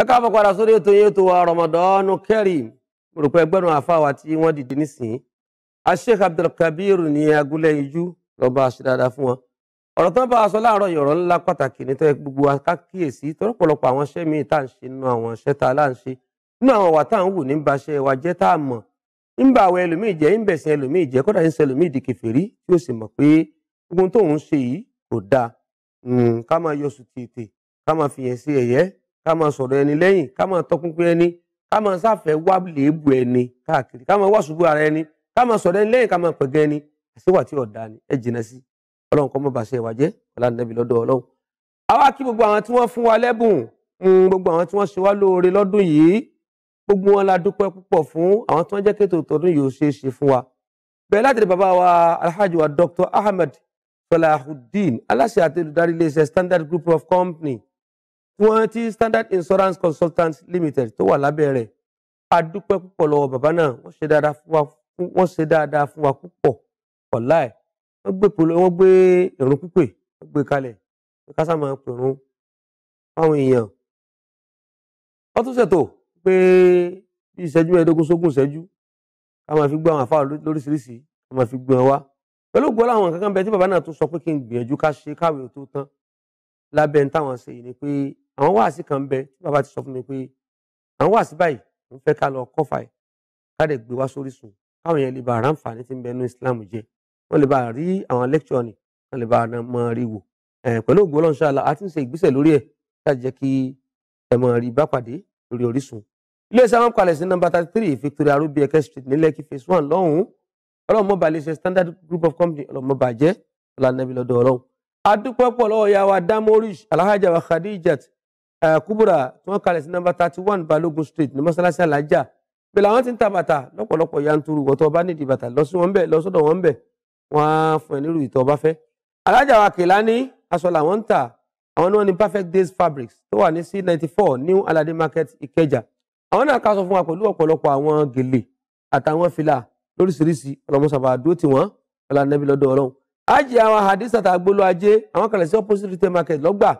ẹ káàbọ̀ padà sórí ètò yẹn ètò wa Ramadan Kareem rògbò ẹgbẹ́rún àfáwà tí wọ́n dìde nísìnyí Sheikh Abdulkabir ní agúnlẹ̀ ijú lọ́ba àṣìdáadá fún wọn ọ̀rọ̀ tán bá a láàárọ̀ yọ̀rọ̀ ńlá pàtàkì ní tẹ́ gbogbo wa ká kíyèsí tọ́lọ́pọ̀lọpọ̀ àwọn iṣẹ́ míì tá à ń ṣe nínú àwọn iṣẹ́ tá a là ń ṣe nínú àwọn wà tá à ń wù ní bá iṣẹ́ wa jẹ́ tá a mọ̀ ń bá àwọn ẹlòmíì jẹ́ ń bẹ̀sìn ẹlòmíì jẹ́ kọ́dà ń sọ ẹlòmíì di kèfèrí tí ó sì mọ̀ pé gbogbo tóun ṣe yìí kò dáa hmm, ká máa yọ sùn tètè ká máa fìyẹn sí ẹ̀yẹ́ ká máa sọ̀rọ̀ ẹni lẹ́yìn ká máa tọpinpin ẹni ká máa sáfẹ́ wá léèbù ẹni káàkiri ká máa wá ṣubú ara ẹni ká máa sọ̀rọ̀ ẹni lẹ́yìn ká máa pẹ̀gẹ́ ẹni àṣewà tí ọ̀dà ni ẹ jìnnà sí ọlọ́run kọ́ mọ́ bàṣẹ ìwà jẹ́ ọ̀làǹdẹ́bí lọ́dọ̀ ọlọ́run. àwa kí gbogbo àwọn tí wọ́n fún wa lẹ́bùn mm, gbogbo àwọn tí wọ́n ṣe wá lóore lọ́dún yìí gbogbo wọn la dúpẹ́ púpọ̀ fún àwọn tí wọ́n jẹ́ kéètò tọdún yìí ó ṣeé ṣe fún wa. bẹ́ẹ̀ láti rí bàbá wa alhaji wa dr ahmed salahuddin aláṣẹ àti olùdarí iléeṣẹ́ standard group of company wọn ti Standard Insurance Consultants Limited tó wà lábẹ́ rẹ̀ a dúpẹ́ púpọ̀ lọ́wọ́ bàbá náà wọ́n ṣe dáadáa fún wa wọ́n ṣe dáadáa fún wa púpọ̀ ọ̀la ẹ̀ wọ́n gbé wọ́n gbé ìrun pípè wọ́n gbé kalẹ̀ wọ́n kásá máa pèrún fáwọn èèyàn wọ́n tún ṣètò pé bí ìṣẹ́jú mẹ́ẹ̀ẹ́dógún sógún ìṣẹ́jú ká máa fi gbọ́ àwọn àfáà lóríṣiríṣi ká máa fi gbọ́ ẹ wá pẹ̀lú ògbó láwọn kankan bẹ tí bàbá náà tún sọ pé kí n gbìyànjú ká ṣe káwé tó tán lábẹ́ táwọn ṣe yìí ni pé àwọn wáàsí kan bẹ tí bàbá ti sọ fún mi pé àwọn wáàsí báyìí mo fẹ́ ká lọ kọ́fà ẹ̀ ká dẹ̀ gbé wá sórí sùn káwọn yẹn lè bá àǹfààní tí ń bẹ ní Islam jẹ wọ́n lè bá rí àwọn lẹ́kṣọ̀ ni wọ́n lè bá mọ rí wò pẹ̀lú ògbó ọlọ́run ṣáàlà àti ń ṣe ìgbésẹ̀ lórí ẹ̀ láti jẹ́ kí ẹ mọ rí bá pàdé lórí Orísun. iléeṣẹ́ àwọn kalẹ̀ sí nọ́mbà thirty three Victoria Ruby Eke Street ní Lekki phase one lọ́hùn-ún ọlọ́mọba iléeṣẹ́ Standard Group of Company ọlọ́mọba jẹ́ ọlànàbí lọ́dọ̀ ọlọ́run. adúpọ̀ pọ̀ lọ́wọ́ ya wa Damorish Alhaja wa Khadijat Eh, kúbúrà tí wọ́n kalẹ̀ sí nọ́mbà thirty one balógun street ní mọ́sálásí alájà pẹ̀lú àwọn tí ń ta bàtà lọ́pọ̀lọpọ̀ yanturu wọ́tọ̀ ọba nídìí bàtà lọ́sọ̀dọ̀ wọn bẹ̀ wọ́n á fún ẹ nírú ìtọ́ ọba fẹ́. alájà wa kìlá ní aṣọ làwọn ń tà àwọn ni wọ́n ní perfect days fabrics tó wà ní c ninety four new alade market ìkẹjà àwọn náà ká sọ fún wa pẹ̀lú ọ̀pọ̀lọpọ̀ àwọn gèlè àtàwọn fìlà lóríṣiríṣi ọlọmọsàbà àdúró tí wọn ọlànàbí lọ́dọ̀ Ọlọ́run. ajé àwọn hadith àtàgbọlọ ajé àwọn kalẹ̀ sí opposite retail market lọ́gbà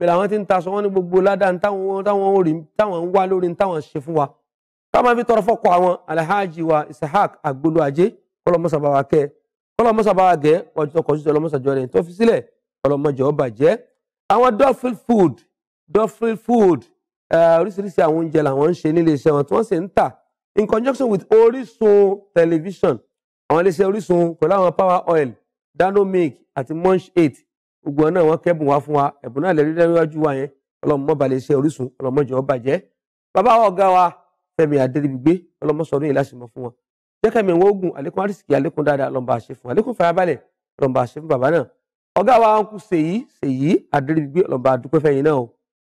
bẹ̀rẹ̀ àwọn tí ń taṣọ wọn ní gbogbo ládàá táwọn táwọn orí táwọn ń wá lórí táwọn ṣe fún wa táwọn fi tọrọ fọkọ àwọn alhaji wa isahak agbolo ajé kọlọmọsàbáwa kẹ kọlọmọsàbáwa gẹ ọjọ kọjú ọlọmọsàjọ rẹ tó fi sílẹ̀ ọlọmọjọ ọba jẹ àwọn duffield food duffield food oríṣiríṣi àwọn oúnjẹ làwọn ń ṣe nílé iṣẹ́ wọn tí wọ́n sì ń tà in conjunction with Orísun television àwọn iléeṣẹ́ Orísun pẹ̀lú àwọn power oil danomic àti munch eight gbogbo ọ̀nà wọn kẹ́bùn wá fún wa ẹ̀bùn náà lẹ́rí lẹ́wájú wa yẹn ọlọ́mọ balẹ̀ iṣẹ́ Orísun ọlọ́mọ jẹ́ ọbàjẹ́ bàbá wa ọ̀gá wa Fẹ́mi Adéríbigbé ọlọ́mọ sọ̀rọ̀ yìí láti mọ̀ fún wọn jẹ́kẹ̀mí wọn ogun àlékún àrísìkì àlékún dáadáa ọlọ́mọ àṣẹ fún àlékún farabalẹ̀ ọlọ́mọ àṣẹ fún bàbá náà ọ̀gá wa ń kú Ṣèyí Ṣèyí Adéríbigbé ọlọ́mọ àdúpẹ́ fẹ́yìn náà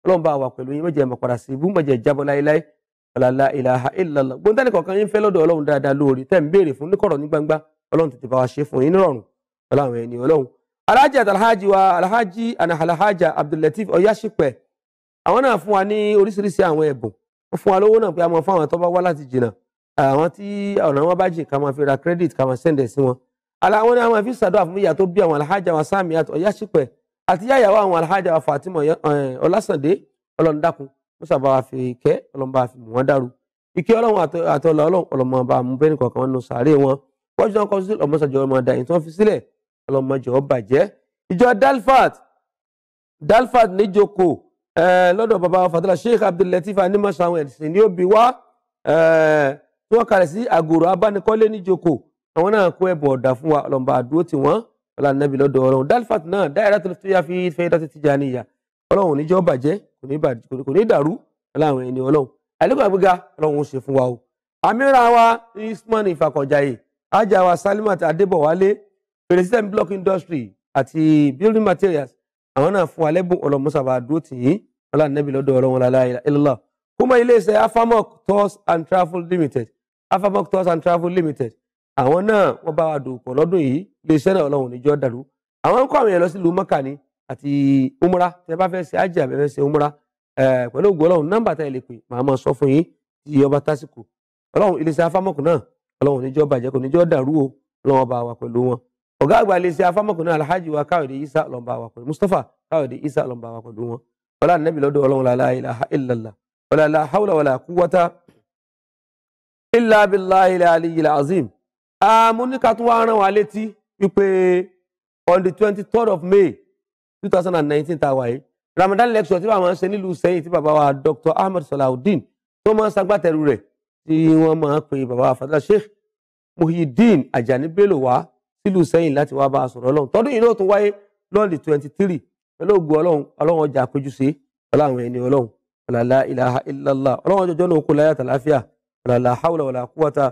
ọlọ́mọ àwà pẹ̀lú yín mọ̀jẹ̀ mọ̀ padà sí ibú mọ̀jẹ̀ jábọ̀ láéláé ọ̀làlà ìlàhà ìlàlà gbóńtẹ́nì kọ̀ọ̀kan yín fẹ́ lọ́dọ̀ ọlọ́run dáadáa lóore tẹ́ ń béèrè fún níkọ̀rọ̀ ní gbangba ọlọ́run tètè bá wa ṣe fún yín nírọ̀rùn ọlọ́run ẹni ọlọ́run alhaji alhaji wa alhaji and alhaja abdullateef ọyáṣípẹ àwọn náà fún wa ní oríṣiríṣi àwọn ẹbùn wọn fún wa lówó náà pé a máa fún àwọn tó wá láti jìnnà àwọn tí ọ̀nà wọn bá jìn ká máa fi ra credit ká máa sẹ́ndẹ̀ sí wọn àlà àwọn náà máa fi ṣàdúrà fún ìyá tó bí àwọn alhaja wa sami ọyáṣípẹ àti yáyàwó àwọn alhaja wa fatima ọlásàndé ọlọ́ndàkùn musa bá wa fi kẹ́ ọlọ́mọba fi mú wọn dàrú ọlọ́mọjọ bàjẹ́ ìjọ dalfat dalfat níjoko lọ́dọ̀ bàbá baba fatala sheikh abdullatif animasa àwọn ẹ̀sìn ní òbí wa tí wọ́n kalẹ̀ sí àgòrò abánikọ́lé níjoko àwọn náà kó ẹ̀bùn ọ̀dà fún wa ọlọ́mọba àdúró tí wọ́n ọlànàbí lọ́dọ̀ ọlọ́run dalfat náà dáyàrá tó yá fi fẹ́ dá títí jáde ìyá ọlọ́run níjọ́ bàjẹ́ kò ní dàrú láwọn ẹni ọlọ́run àìlẹ́kọ̀ọ́ àgbéga ọlọ́run ó ṣe fún wa o àmì ra wa isman ìfàkọ̀jayé ajá wa salimat adébọ̀wálé Precision Block Industry àti Building Materials àwọn náà fún alẹ́bùn ọlọ́mọsàbà dúró tì yín ọlá nẹ́bí lọ́dọ̀ ọlọ́run aláìlá kúmọ̀ iléeṣẹ́ Afamok Tours and Travel Limited Afamok Tours and Travel Limited àwọn náà wọ́n bá wa dòpọ̀ lọ́dún yìí iléeṣẹ́ náà ọlọ́run níjọ́ dàrú àwọn ń kọ́ àwọn èèyàn lọ sí ìlú Mọ́kà ni àti umra tẹ́ bá fẹ́ ṣe ájì àbẹ́ fẹ́ ṣe umra pẹ̀lú ògùn ọlọ́run nọ́mbà tá ẹ lè pè màá máa sọ fún yín tí ọba tásìkò ọlọ́run iléeṣẹ́ Afamok náà ọlọ́run níjọ́ bàjẹ́ kò níjọ́ dàrú o ọlọ́run ọba wa pẹ̀lú wọn ọ̀gá àgbà lè ṣe afámọ̀kùnrin alhaji wa káyọ̀dé isa lọ́nba wa pẹ̀lú mustapha káyọ̀dé isa lọ́nba wa pẹ̀lú wọn ọlá nàbì lọ́dọ̀ ọlọ́run làlá ilaha illallah wàlá la hawla wàlá kúwọ́tà illa billahi aliyil azim. àmúníkà tún wá létí wípé on the twenty third of may two thousand and nineteen tá a wáyé ramadan lecture tí bàbá ń ṣe nílùú sẹ́yìn tí bàbá wa dr ahmed salawudeen tó máa ń ṣagbátẹrù rẹ̀ tí wọ́n máa ń pè bàbá wa fadala sheikh muhyiddin ajani bello wá sílùú sẹ́yìn láti wá bá a sọ̀rọ̀ ọlọ́run tọdún yìí náà tún wáyé lọ́ọ̀dì twenty three pẹ̀lú ògùn ọlọ́run ọlọ́run ọjà àpéjúṣe ọlá àwọn ẹni ọlọ́run ọ̀làlá ilaha illallah ọlọ́run jọjọ́ náà kó láyà tàlàáfíà ọ̀làlá haúlà wàlà kúwàtà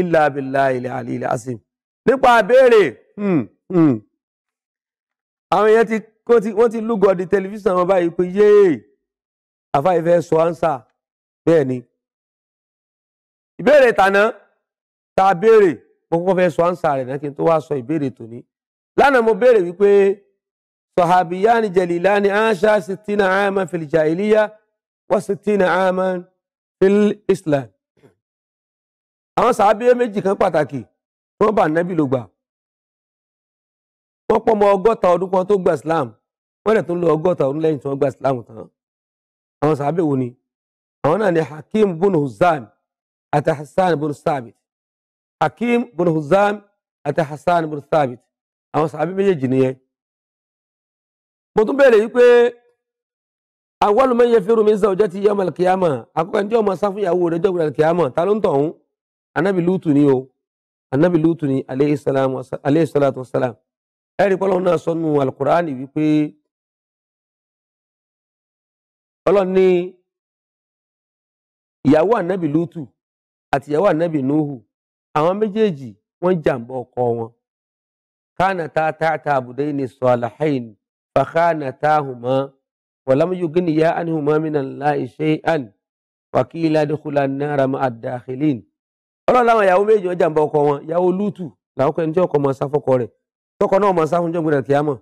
ilà abilà ilẹ̀ àlì ilẹ̀ asim. nípa àbẹ̀rẹ̀ hmm, hmm. àwọn èèyàn ti wọ́n ti lúgọ̀ọ́dì tẹlifíṣàn wọn báyìí pé yéè àfáì fẹ́ sọ ánsà bẹ́ẹ̀ ni ìbéèrè tàná tá a béèrè mo kọ́kọ́ fẹ́ sọ ánsà rẹ̀ náà kí n tó wá sọ ìbéèrè tòní lánàá mo béèrè wípé sọ̀hábíyáni jẹ̀lìláni ánṣá sitina àmà fìlìjà ìlíyà wọ́n sitina àmà fìl islam. àwọn sàábíyé méjì kan pàtàkì tí wọ́n bá nábì ló gbà wọ́n pọ̀ mọ́ ọgọ́ta ọdún kan tó gba islam wọ́n dẹ̀ tó ń lo ọgọ́ta ọdún lẹ́yìn tí wọ́n gba islam tán àwọn sàábẹ̀ wo ni àwọn náà ni hakim bunu zan àti hasan bunu sabit hakeem bin huzam àti hasan bin thabit àwọn sàbí méjèèjì nìyẹn mo tún bẹ̀rẹ̀ yìí pé awwalu man yafiru min zawjati yawm al-qiyamah àkọ́kọ́ ẹni tí ọmọ sá fún ìyàwó rẹ̀ jọ́gbìn al-qiyamah ta ló ń tọ̀hún anabi lutu ni o anabi lutu ni aleyhi salatu wasalam ẹ̀rí pọ́lọ́ náà sọnù alukur'ani wípé ọlọ́run ní ìyàwó anabi lutu àti ìyàwó anabi nuhu àwọn méjèèjì wọ́n jàǹbá ọkọ wọn kánàtà tààtà àbùdẹ́yìn sọ̀làhẹ́yìn fàkánàtà hùmá wàlámúyùgínìyà ánìhùmá mìnàlá iṣẹ́ àn wàkìlá dìkúlà náírà má àdàkìlín. ọlọ́run láwọn ìyàwó méjì wọ́n jàǹbá ọkọ wọn ìyàwó lútù làwọn kọ́ni tí ọkọ máa sáfọ́kọ rẹ̀ tọkọ náà máa sáfún jọ́gbìn àti àmọ́.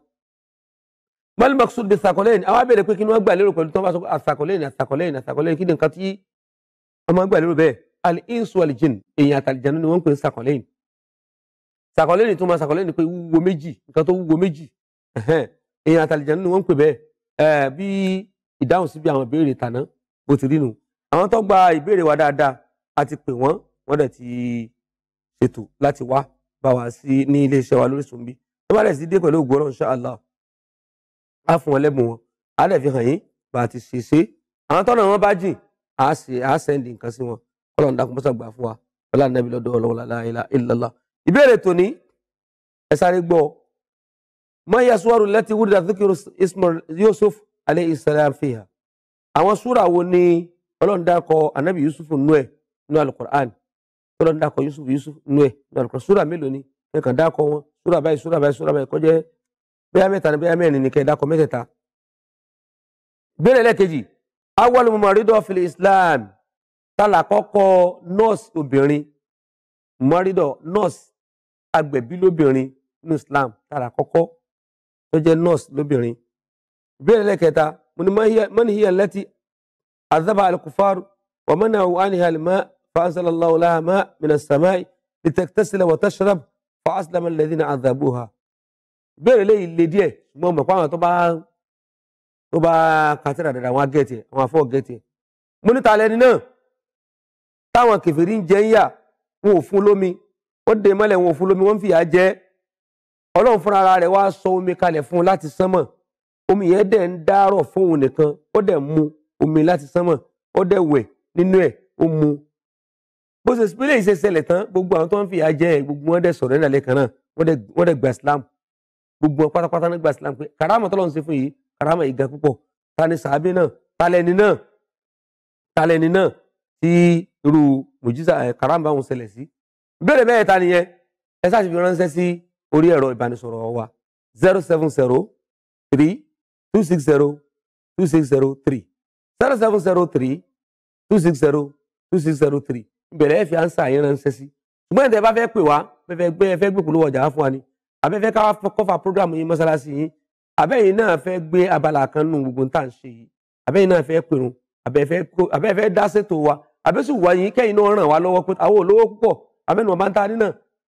mal maqsud bi sàkọlẹ́yìn àwọn abẹ́rẹ́ pé kí ni wọ́n gbà lérò pẹ̀lú tí al-insu wal-jinn èèyàn àtàlìjànú ni wọ́n ń pè ní sàkọ̀lẹ́yìn sàkọ̀lẹ́yìn tó máa sàkọ̀lẹ́yìn pé wúwo méjì nǹkan tó wúwo méjì èèyàn àtàlìjànú ni wọ́n ń pè bẹ́ẹ̀ bí ìdáhùn sí bí àwọn ìbéèrè tàná bó ti rí nu àwọn tó gba ìbéèrè wa dáadáa a ti pè wọ́n wọ́n dẹ̀ ti ṣètò láti wá bá wa sí ní iléeṣẹ́ wa lóríṣun bí ẹ bá dẹ̀ sí dé pẹ̀lú ògbóràn insha Allah fún wọn lẹ́bùn wọn á dẹ̀ fi hàn yín bá a ti ṣe ṣe àwọn tọ́nà Ọlọ́run dákun mọ́sá gbà fún wa ọlá nàbí lọ́dọ̀ Ọlọ́run láìlá ìlàlá ìbéèrè tòní ẹ sáré gbọ́ mọ́yà suwaru lẹ́tí wúdìdà zikiru Ismail Yusuf alayhi salam fiha àwọn súra wo ni Ọlọ́run dákọ̀ anabi Yusuf nú ẹ̀ nú alukur'an Ọlọ́run dákọ̀ Yusuf Yusuf nú ẹ̀ nú alukur'an súra mélòó ni ẹ kàn dákọ̀ wọn súra báyìí súra báyìí súra báyìí kọjá bẹ́ẹ̀ mẹ́ta ni bẹ́ẹ̀ mẹ́rin ni kẹ́ dákọ̀ mẹ́tẹ̀ẹ̀ta. ìbéèrè lẹ́ẹ̀kejì awọ́lùmọ̀mọ́ rídọ́ Islam tálà kọ́kọ́ nọ́ọ̀sì obìnrin mọ́rídọ̀ nọ́ọ̀sì agbẹ̀bí lóbìnrin nínú Islam tálà kọ́kọ́ tó jẹ́ nọ́ọ̀sì lóbìnrin ìbéèrè lẹ́kẹta mo ní mọ́ni hiya lẹ́tí azaba alukufaru wa mọ́nà àwọn àníhà lè má fa'anzala Allahu laha má minas samai litaktasila wa tashrab fa'aslama alladhina azabuha ìbéèrè lẹ́yìn lè díẹ̀ ṣùgbọ́n mọ̀ pàwọn tó bá tó bá kàtẹ́rà dáadáa wọn á gẹ̀ẹ́tì àwọn afọ́ gẹ̀ẹ́tì mo ní ta lẹ́ni náà táwọn kèfèrí ń jẹ ń yà wọn ò fún lómi ó dè mọ́lẹ̀ wọn ò fún lómi wọ́n ń fìyà jẹ ọlọ́run fúnra ara rẹ̀ wá sọ omi kalẹ̀ fún un láti sánmọ̀ omi yẹn dẹ̀ ń dárọ̀ fóun nìkan ó dẹ̀ mu omi láti sánmọ̀ ó dẹ̀ wẹ̀ nínú ẹ̀ ó mu bó ṣe sípínlẹ̀ yìí ṣe ṣẹlẹ̀ tán gbogbo àwọn tó ń fìyà jẹ ẹ̀ gbogbo wọn dẹ̀ sọ̀rọ̀ nílẹ̀ kan náà wọ́n dẹ̀ gba Islam gbogbo wọn pátápátá ní gba Islam pé karama tọ́lọ́run ṣe fún yìí karama yìí ga púpọ̀ ta ni sàábì náà ta lẹni náà ta lẹni náà tí irú mùjísà eh, karamba òun ṣẹlẹ̀ sí. ìbéèrè mẹ́ẹ̀ta nìyẹn ẹ sáà ti fi ránṣẹ́ sí orí ẹ̀rọ ìbánisọ̀rọ̀ wa zero seven zero three two six zero two six zero three zero seven zero three two six zero two six zero three ìbẹ̀rẹ̀ ẹ̀ fi ánsà yẹn ránṣẹ́ sí. ṣùgbọ́n ìtẹ̀ bá fẹ́ pè wá fẹ́ gbé ẹ fẹ́ gbé polówó ọjà wá fún wa ni àbẹ́fẹ́ ká kọ́fà program yín mọ́ṣáláṣí yín àbẹ́yìn náà fẹ́ gbé abala kan nù gbogbo tá à ń ṣe yìí náà fẹ́ pèrún àbẹ́fẹ́ dá ṣètò wa àbẹ́sù wà yín kẹ́yìn náà ràn wá lọ́wọ́ pé àwọn olówó púpọ̀ amẹ́nu ọba ń ta nínà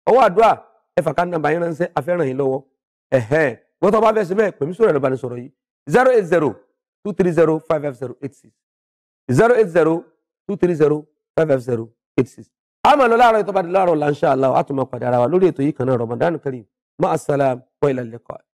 ọwọ́ àdúrà ẹ fà ká nàmbà yín ránṣẹ́ afẹ́ràn yín lọ́wọ́ ẹ̀hẹ́n wọ́n tó bá fẹ́ ṣe bẹ́ẹ̀ pẹ̀lú sọ̀rọ̀ ẹ̀rọ ìbánisọ̀rọ̀ yìí zero eight zero two three zero five five zero eight six zero eight zero two three zero five five zero eight six. a láàárọ̀ ìtọ́ba di láàárọ̀ la insha Allah àtúmọ̀ ara wa lórí ètò yìí kan náà Ramadan Kareem ma'as salam wa ilal liqa.